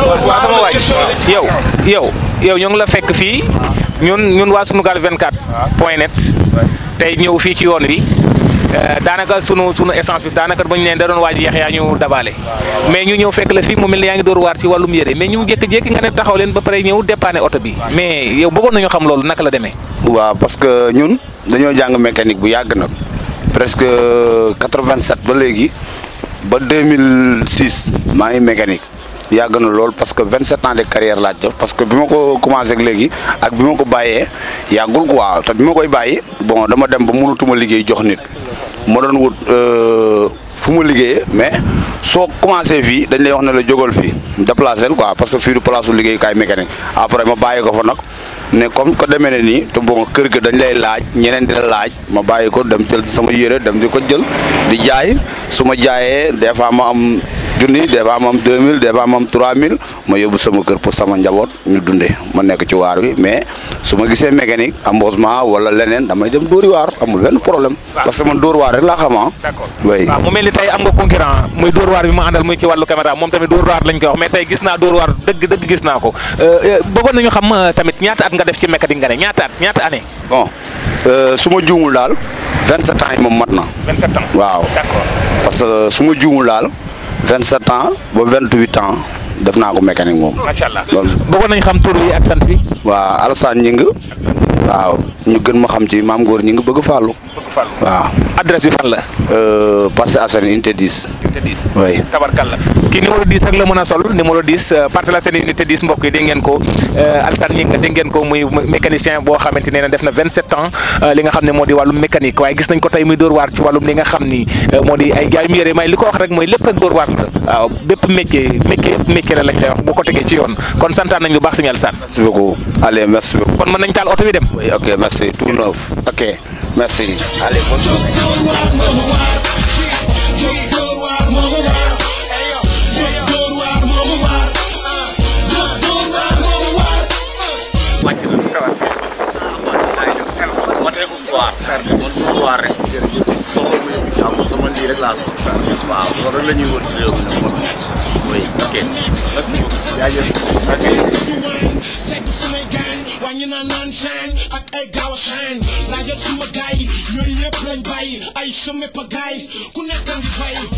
waa sama waay yow yow yow ñu ngi la fekk fii ñun ñun waa vingt 24 point net tey ñëw fii ci yoon wi euh, daanaka sunu sunu essence bi daanaka ba ñu ne da doon waaj yeex yaa ñu dabaale mais ñu ñëw fekk la fii moom mel ne yaa ngi door waar ci wàllum yére mais ñu jékki-jékki nga ne taxaw leen ba pare ñëw dépanner oto bi mais yow bëggoon nañu xam loolu naka la demee. waaw parce que ñun dañoo jàng mécanique bu yàgg nag presque 87 euh, ba léegi ba 2006 maa ngi mécanique. yàgg na lool parce que vingt 27 ans de carrière laa def parce que bi ma ko commencé ak léegi ak bi ma ko bàyyee yàggul quoi te bi ma koy bàyyi bon dama dem ba mënatuma liggéey jox nit ma doon wut euh, fu ma liggéey mais soo commencé fii dañ lay wax ne la jógal fii déplacé ko parce que fii du place su liggéeyukaay mécanique après ma bàyyi ko fa nag ne comme ko demee ne nii te bon kër ga dañ lay laaj ñeneen di la laaj ma bàyyi ko dem jël sama yére dem di ko jël di jaay su ma jaayee des junni des fois ma am 2000 des fois ma am 3000 ma yóbbu sama kër pour sama njaboot ñu dundee ma nekk ci waar wi mais su ma gisee mécanique embossement wala leneen damay dem dóori waar amul benn problème. parce que man dóor waar rek laa xam ah. mu mel ni tey am nga concurrent muy dóor waar bi ma àndal muy ci wàllu caméra moom dëgg dëgg ko euh, euh, bëggoon nañu xam euh, tamit ñaata at nga def ci mécanique nga ne ñaata at ñaata année. bon su ma juumul daal 27 ans yi moom mat na. 27 ans waaw d'accord parce que su ma daal. 27 ans ba 28 ans def naa ko mécanique moom. macha allah loolu bëggoon nañ xam tur bi ak wa bi. waa Alassane waaw ñu gën ma xam ci maam góor ñi nga bëgg fàllu waaw adresse bi fan la euh, Parcelles Assainies unité 10 unité 10 oui tabarkalla kii numéro rek la mën a sol numéro 10 euh, Parcelles Assainies unité 10 mbokk yi dégg ngeen ko euh, Alassane ñi ngeen ko muy mécanicien boo xamante ne def na 27 ans li nga xam ne moo di wàllum mécanique waaye gis nañ ko tey muy dóor waar ci wàllum li nga xam ni moo di ay jaay mu yére may li ko wax rek mooy lépp rek dóor waar la waaw Oui, ok, merci. Tout neuf. Ok, merci. Allez, bonne journée. waaw loolu rek la ñuy wër ci réew mi jaajëf wàññi naa naan chaine ak ay gaaw a chaine laajal suma gaay yooyu yëpp lañ bàyyi ay chemin pagaille ku nekk ngi bàyyi